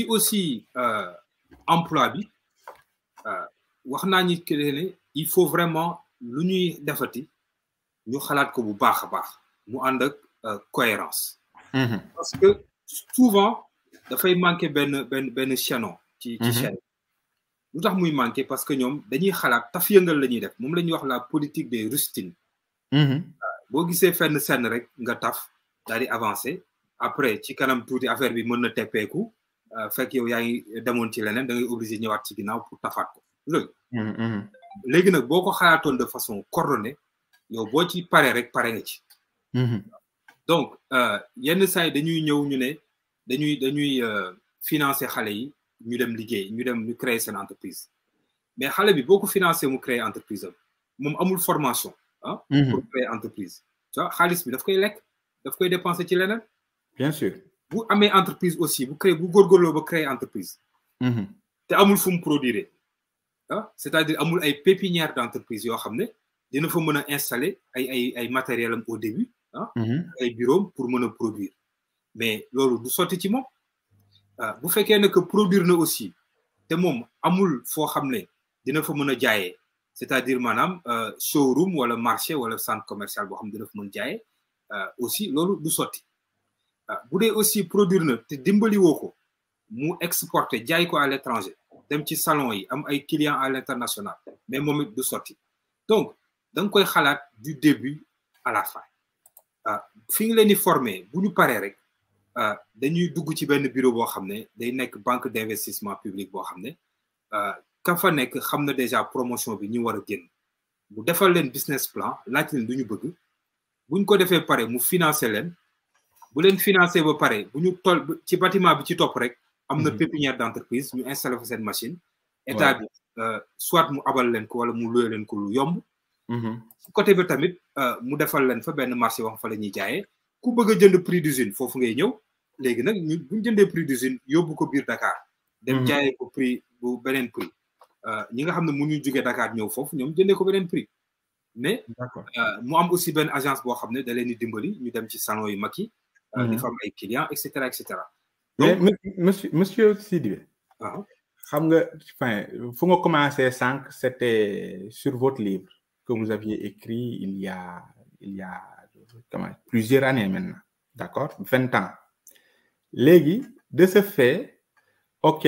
ci aussi euh, emploi bi euh, wax naa ñi que ne il faut vraiment lu ñuy defati ñu xalaat ko bu baax a baax mu ànd ak euh, cohérence mhm. parce que souvent dafay manqué benn benn benn chaînon ci ci mhm. chaîne lu tax muy manqué parce que ñoom dañuy xalaat taf yëngal la ñuy def moom la ñuy wax la politique des rustines mhm. boo gisee fenn senn rek nga taf daal di avancé après ci kanam tuuti affaire bi mën na teppeeku euh, fekk yow yaa ngi demoon ci leneen da ngay obligé ñëwaat ci ginnaaw pour tafaat ko loolu mm, mm. léegi nag boo ko xalaatoon de façon coordonnée yow boo ci pare rek pare nga ci mm-hmm. donc euh, yenn saa yi dañuy ñëw ñu ne dañuy dañuy euh, financer xale yi ñu dem liggéey ñu dem ñu créer seen entreprise mais xale bi boo ko financer mu créer entreprise am moom amul formation ah, mm-hmm. pour créer entreprise tu vois xaalis bi daf koy lekk daf koy dépenser ci leneen bien sûr avez une entreprise aussi vous créé bu vous vous une entreprise. vous mhm. amul fu produire ah, c'est-à-dire amul ay pépinière d'entreprise il xam ne dina fa installer matériel au début un ah, mhm. bureau pour produire mais vous du ci ah, que produire nous aussi vous dina fa c'est-à-dire euh, showroom le marché le centre commercial boo xam ne dina aussi du vous ah, aussi produire des produits exporter à l'étranger, dem ci salon yi clients à l'international, mais momit du donc dang koy du début à la fin ah, former ah, bureau banque d'investissement public bo xamné ne ka déjà promotion bi ñu wara genn bu business plan laaj leen bëgg ko financer bu leen financer ba pare bu ñu tol ci bâtiment bi ci top rek am na mhm. pépinière d'entreprise ñu installé fa seen machine état bi euh, soit mu abal leen ko wala mu luye leen ko lu yomb su mhm. côté bi tamit euh, mu defal leen fa benn marché wax fa la ñuy jaayee ku bëgg a jënd prix d'usine foofu ngay ñëw léegi nag ñu buñu jëndee prix d'usine yóbbu ko biir Dakar dem mhm. jaayee ko prix bu beneen prix euh, ñi nga xam ne mu ñu jógee Dakar ñëw foofu ñoom jëndee ko beneen prix mais mu am aussi benn agence boo xam ne da leen di dimbali ñu dem ci salon yu mag yi les euh, mhm. femmes clients et cetera donc mais monsieur monsieur Sidibé. faut commencer nga fin c'était sur votre livre que vous aviez écrit il y a il y a comment plusieurs années maintenant d'accord 20 ans Légui, de ce fait ok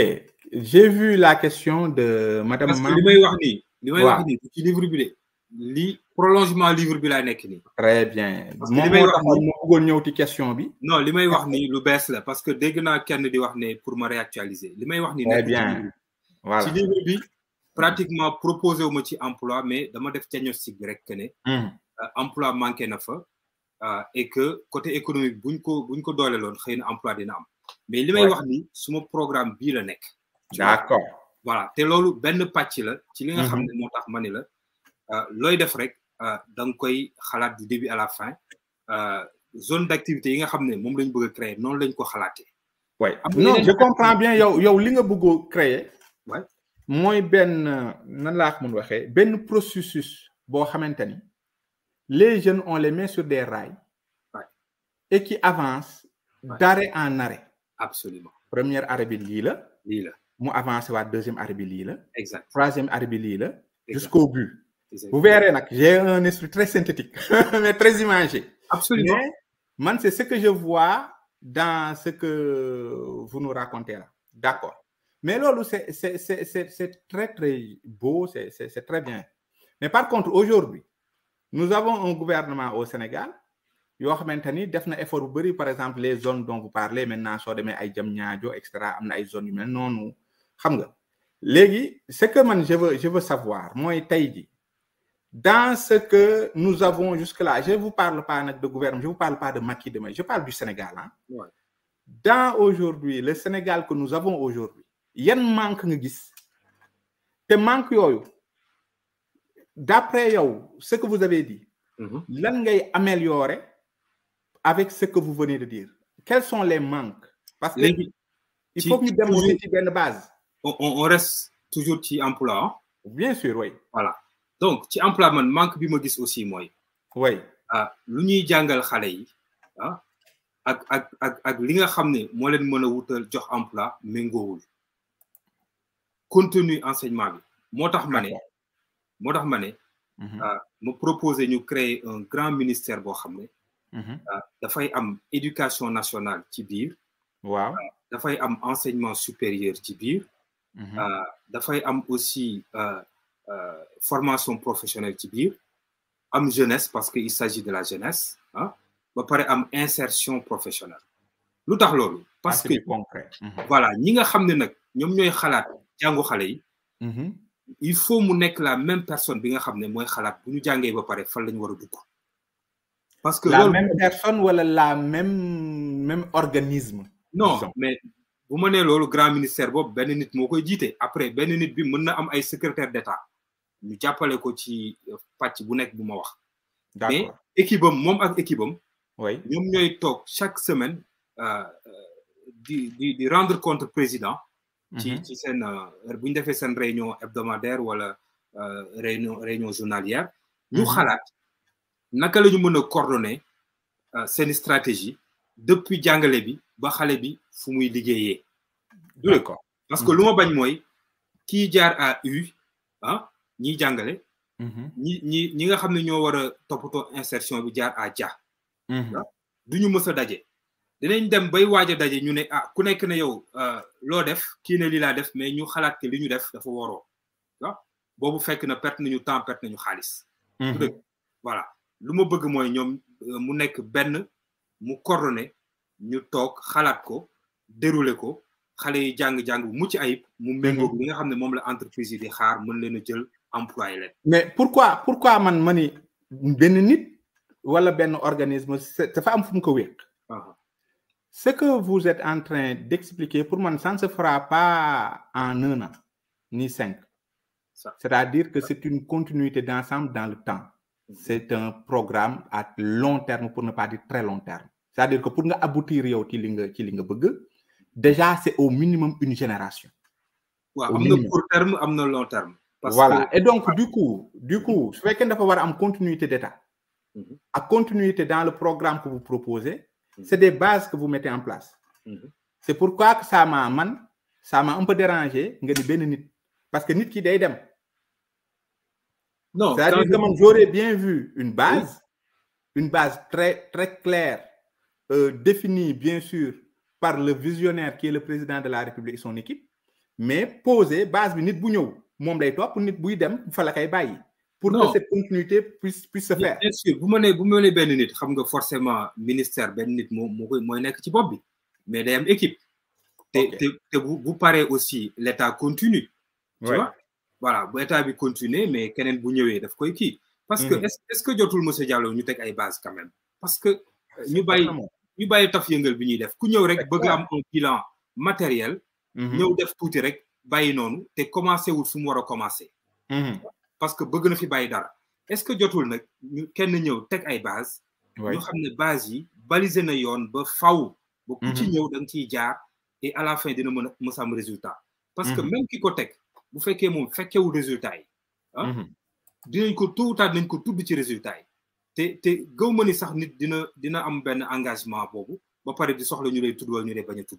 j'ai vu la question de madame. parce que li livre de prolongement livre bi la nek ni très bien moom wax tax ma bëggoon ñëw ci question bi. non limay wax ni lu bees la parce que dégg naa kenn di wax ne pour ma réactualiser limay wax ni très bien voilà ci livre bi pratiquement proposé wu ci emploi mais dama def diagnostic rek que ne. Hmm. Euh, emploi manqué na fa. Euh, et que côté économique buñ ko buñ ko dooleeloon lon xeyna emploi dina am. mais limay wax ni suma programme bi la nek d'accord voilà té lolu ben patch la. ci li nga hmm. xamné motax moo tax ma la euh, def rek. Euh, Donc nga koy du début à la fin euh, zone d'activité. Il y a xam ne on la bëgg créer Non, la ñu ko xalaatee. non je comprends bien yow yow li nga bëgg créer. ouais Moi, ben, nan la ko mën waxee benn processus bo xamante les jeunes ont les mains sur des rails. et qui avancent d'arrêt en arrêt. absolument première arrêt de l'île. la. lii la mu deuxième arrêt de l'île. la. exact troisième arrêt de l'île. jusqu'au but. Vous verrez j'ai un esprit très synthétique mais très imagé. Absolument. c'est ce que je vois dans ce que vous nous racontez là d'accord mais là, c'est c'est c'est c'est très très beau c'est c'est très bien mais par contre aujourd'hui nous avons un gouvernement au Sénégal qui a ni effort par exemple les zones dont vous parlez maintenant sur les ay etc. zones humaines, mel non. ce que je veux je veux savoir moi, tey dans ce que nous avons jusque-là, je ne vous parle pas de gouvernement, je ne vous parle pas de Macky demain, je parle du Sénégal. Hein. Dans aujourd'hui, le Sénégal que nous avons aujourd'hui, il y a un manque de gis. Te manque d'après ce que vous avez dit, mm-hmm. l'anglais mm avec ce que vous venez de dire. Quels sont les manques Parce que il faut que nous démontrions une base. On, reste toujours en emploi. Hein. Bien sûr, oui. Voilà donc ci emploi man manque bi ma gis aussi mooy. oui ah lu ñuy jàngal xale yi ah ak ak ak ak li nga xam ne moo leen mën a wutal jox emploi méngoowul contenu enseignement bi moo tax ma ne. moo tax ma ne. Mhm. Ah, ma proposer ñu créer un grand ministère boo xam ne. Mhm. Ah, dafay am éducation nationale ci biir. waaw ah, dafay am enseignement supérieur ci biir. Mhm. dafay am aussi. Euh, formation professionnelle ci jeunesse parce qu'il s'agit de la jeunesse hein. ba am insertion professionnelle lu tax parce ah, que mhm. voilà ñi nga ne mhm. il faut mu nek la même personne bi nga ne parce que la même personne la même même organisme non mais vous grand ministère après il nit bi mën secrétaire d'État ñu jàppale ko ci euh, pàcc bu nekk bu ma wax. mais équipe am moom ak équipe am. oui ñoom ñooy toog chaque semaine euh, euh, di di di rendre compte président. ci mhm. ci seen bu ñu defee seen réunion hebdomadaire wala réunion réunion journalière. ñu mhm. xalaat naka la ñu mën a coordonner seen stratégie depuis jàngale bi ba xale bi fu muy liggéeyee. d'accord parce que mhm. lu ma bañ mooy kii jaar à U ah. ñiy jàngale. Mm-hmm. ñi ñi ñi nga xam ne ñoo war a toppatoo insertion bi jaar à ja mm-hmm. ah, du ñu mës a daje. dinañ dem bay waaja daje ñu ne ah ku nekk ne yow ah, loo def kii ne lii laa def mais ñu xalaat que li ñu def dafa waroo ah, boobu fekk na perte nañu temps perte nañu xaalis. Mm-hmm. voilà lu ma bëgg mooy ñoom euh, mu nekk benn mu coordonné ñu toog xalaat ko déroulé ko xale yi jàng-jàng bu mucc ayib. mu méngoog li nga xam ne moom la entreprise yi di xaar mën leen a jël. employé mais pourquoi pourquoi man ma ou nit wala organisme am ko ah. ce que vous êtes en train d'expliquer pour moi, ça ne se fera pas en un an, ni cinq. C'est-à-dire que c'est une continuité d'ensemble dans le temps. Mm-hmm. C'est un programme à long terme, pour ne pas dire très long terme. C'est-à-dire que pour nous aboutir au déjà, c'est au minimum une génération. au minimum. court terme, long terme voilà. Et donc, du coup, du coup, ce week avoir une continuité d'État, Une mm-hmm. à continuité dans le programme que vous proposez, mm-hmm. c'est des bases que vous mettez en place. Mm-hmm. C'est pourquoi que ça m'a ça m'a un peu dérangé, parce que nit qui dem. Non, cest j'aurais bien vu une base, une base très très claire, euh, définie bien sûr par le visionnaire qui est le président de la République et son équipe, mais posée base de nit moom lay topp nit buy dem fa la koy bàyyi. pour que cette continuité puisse puisse se faire. bien sûr vous menez vous menez ma nee benn nit xam nga forcément ministère ben nit moo Moi, koy mooy nekk ci bopp bi mais day am équipe. te te te Vous bu aussi l'État continue. tu vois voilà l'État état bi continuer mais keneen bu ñëwee daf koy parce que mhm. est ce que jotul monsieur Diallo ñu teg ay base quand même. parce que euh, ñu bàyyi ñu bàyyi taf yëngal bi ñuy def ku ñëw rek bëgg am un bilan matériel. Mhm. ñëw def tuuti rek bayi noonu te commencé wul fu mu war a commencé. Mhm. parce que bëgg na fi bayi dara. est-ce que jotul nak ñu kenn ñew tek ay base ñu xamné base yi balisé na yoon ba faw bu ku ci mhm. ñew dang ci jaar. et à la fin dina mën a mës am résultat. parce que mhm. même ki ko teg bu fekkee moom wu résultat yi. Ah, dinañ ko tôt tard dinañ ko tudd ci résultat yi. té té gëw ma ni sax nit dina dina am ben engagement bobu ba paré di soxla ñu lay tudd ñu lay baña tudd.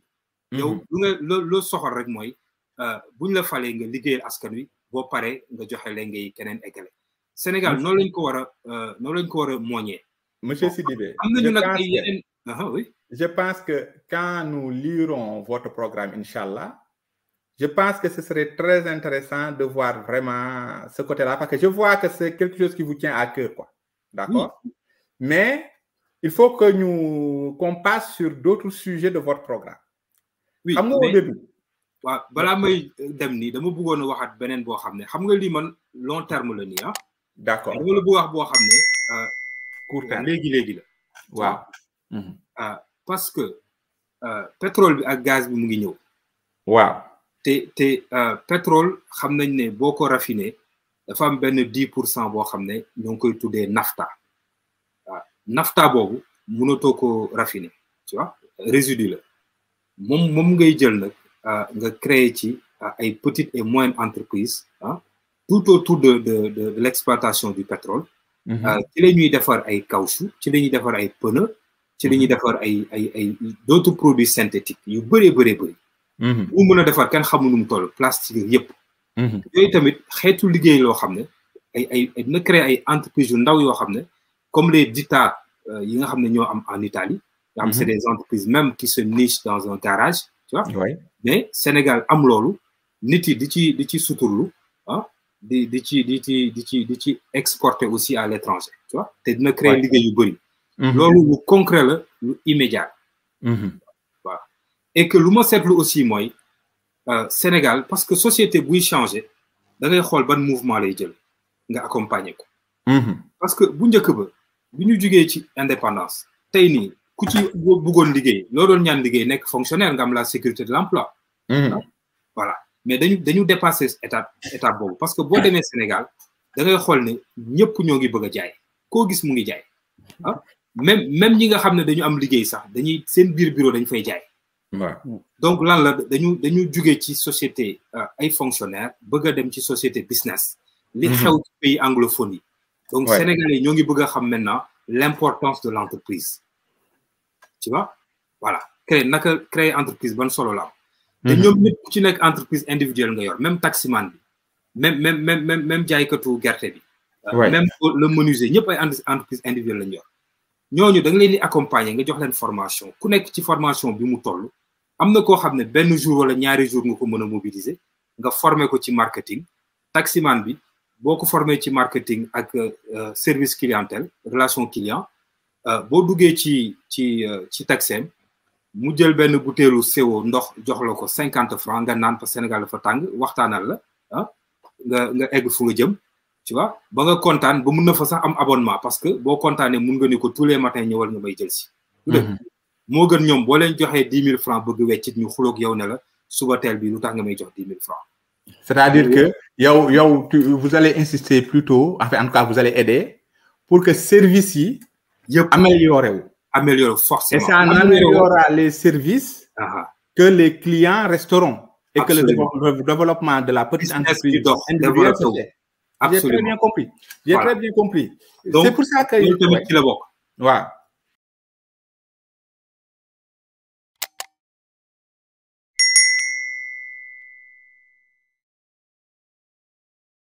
yow lu nga lo soxal rek moy Sénégal je pense que quand nous lirons votre programme Inshallah, je pense que ce serait très intéressant de voir vraiment ce côté-là parce que je vois que c'est quelque chose qui vous tient à cœur quoi d'accord mais il faut que nous qu'on passe sur d'autres sujets de votre programme oui waaw balaa may euh, dem nii dama a waxaat beneen xam long terme la nii ah. d' accord dama la wax boo ne. parce que euh, pétrole bi gaz bi mu ngi euh, pétrole xam nañ ne raffiné dafa am benn 10% pour cent nafta nafta raffiné tu vois résidu la moom euh, nga créer ci euh, ay petites et moyennes entreprises hein, tout autour de de de de l'exploitation du pétrole. Mhm. Euh, ci la défar ay caoutchouc ci la défar ay pneu. ci la mhm. défar ay ay ay d'autres produits synthétiques yu bëree bëree bëri. bu mhm. mën a defar kenn xamu num mu toll plastique yëpp. yooyu tamit xeetu liggéey loo xam ne ay ay créer ay entreprises yu ndaw yoo xam ne comme les dita yi nga xam ne ñoo am en Italie. nga xam c'est des entreprises même qui se nichent dans un garage tu vois mais Sénégal am lolu nit yi di ci di ci suturlu ah di di ci di ci di ci di ci exporter aussi à l'étranger tu vois te dina créer ligue yu bari mhm. lolu lu concret la lu immédiat mhm. voilà et que luma ma aussi aussi euh, Sénégal parce que société buy changer da ngay xol ban mouvement lay jël nga accompagner ko mhm. parce que bu njëkk ba bu ñu jugee ci indépendance tay ni kuti ci bëggoon liggéey loo doon ñaan liggéey nek fonctionnaire ngam la sécurité de l'emploi mhm. hein? voilà mais dañu dañu dépassé étape étape bobu parce que bo démé Sénégal da ngay xool ne ñëpp ñogi ngi bëgg a jaay ko gis mu ngi jaay ah même même ñi nga xamné dañu am liggéey sax dañuy seen bir bureau dañ fay jaay mm. donc lan la dañu dañu jugee ci société euh, ay fonctionnaire bëgg a dem ci société business li mhm. xew ci pays anglophone donc Sénégalais ñogi ngi bëgg xam maintenant l'importance de l'entreprise tu vois voilà créer une entreprise bonne mhm. là entreprise individuelle même taximan même même même même même euh, même le entreprise individuelle formation ku formation bi mu mobiliser nga former ko ci marketing taximan bi boko ci marketing ak euh, service clientèle relation client euh, bo vous ci ci euh, ci taxem mu jël ben bouteille CO ndox jox Sénégal Vous vous la ah, nga nga egg fu nga jëm tu vois ba nga abonnement parce que bo vous mun nga ni ko tous les matins ñëwal nga may jël si. vous gën ñom bo leen vous 10000 mille bëgg ñu c'est-à-dire que vous allez insister plutôt enfin en tout cas vous allez aider pour que service yi. Améliorer. amélioré forcément et ça améliorera les services que les clients resteront et que le développement de la petite entreprise individuelle se j'ai très bien compris j'ai très bien compris c'est pour ça que.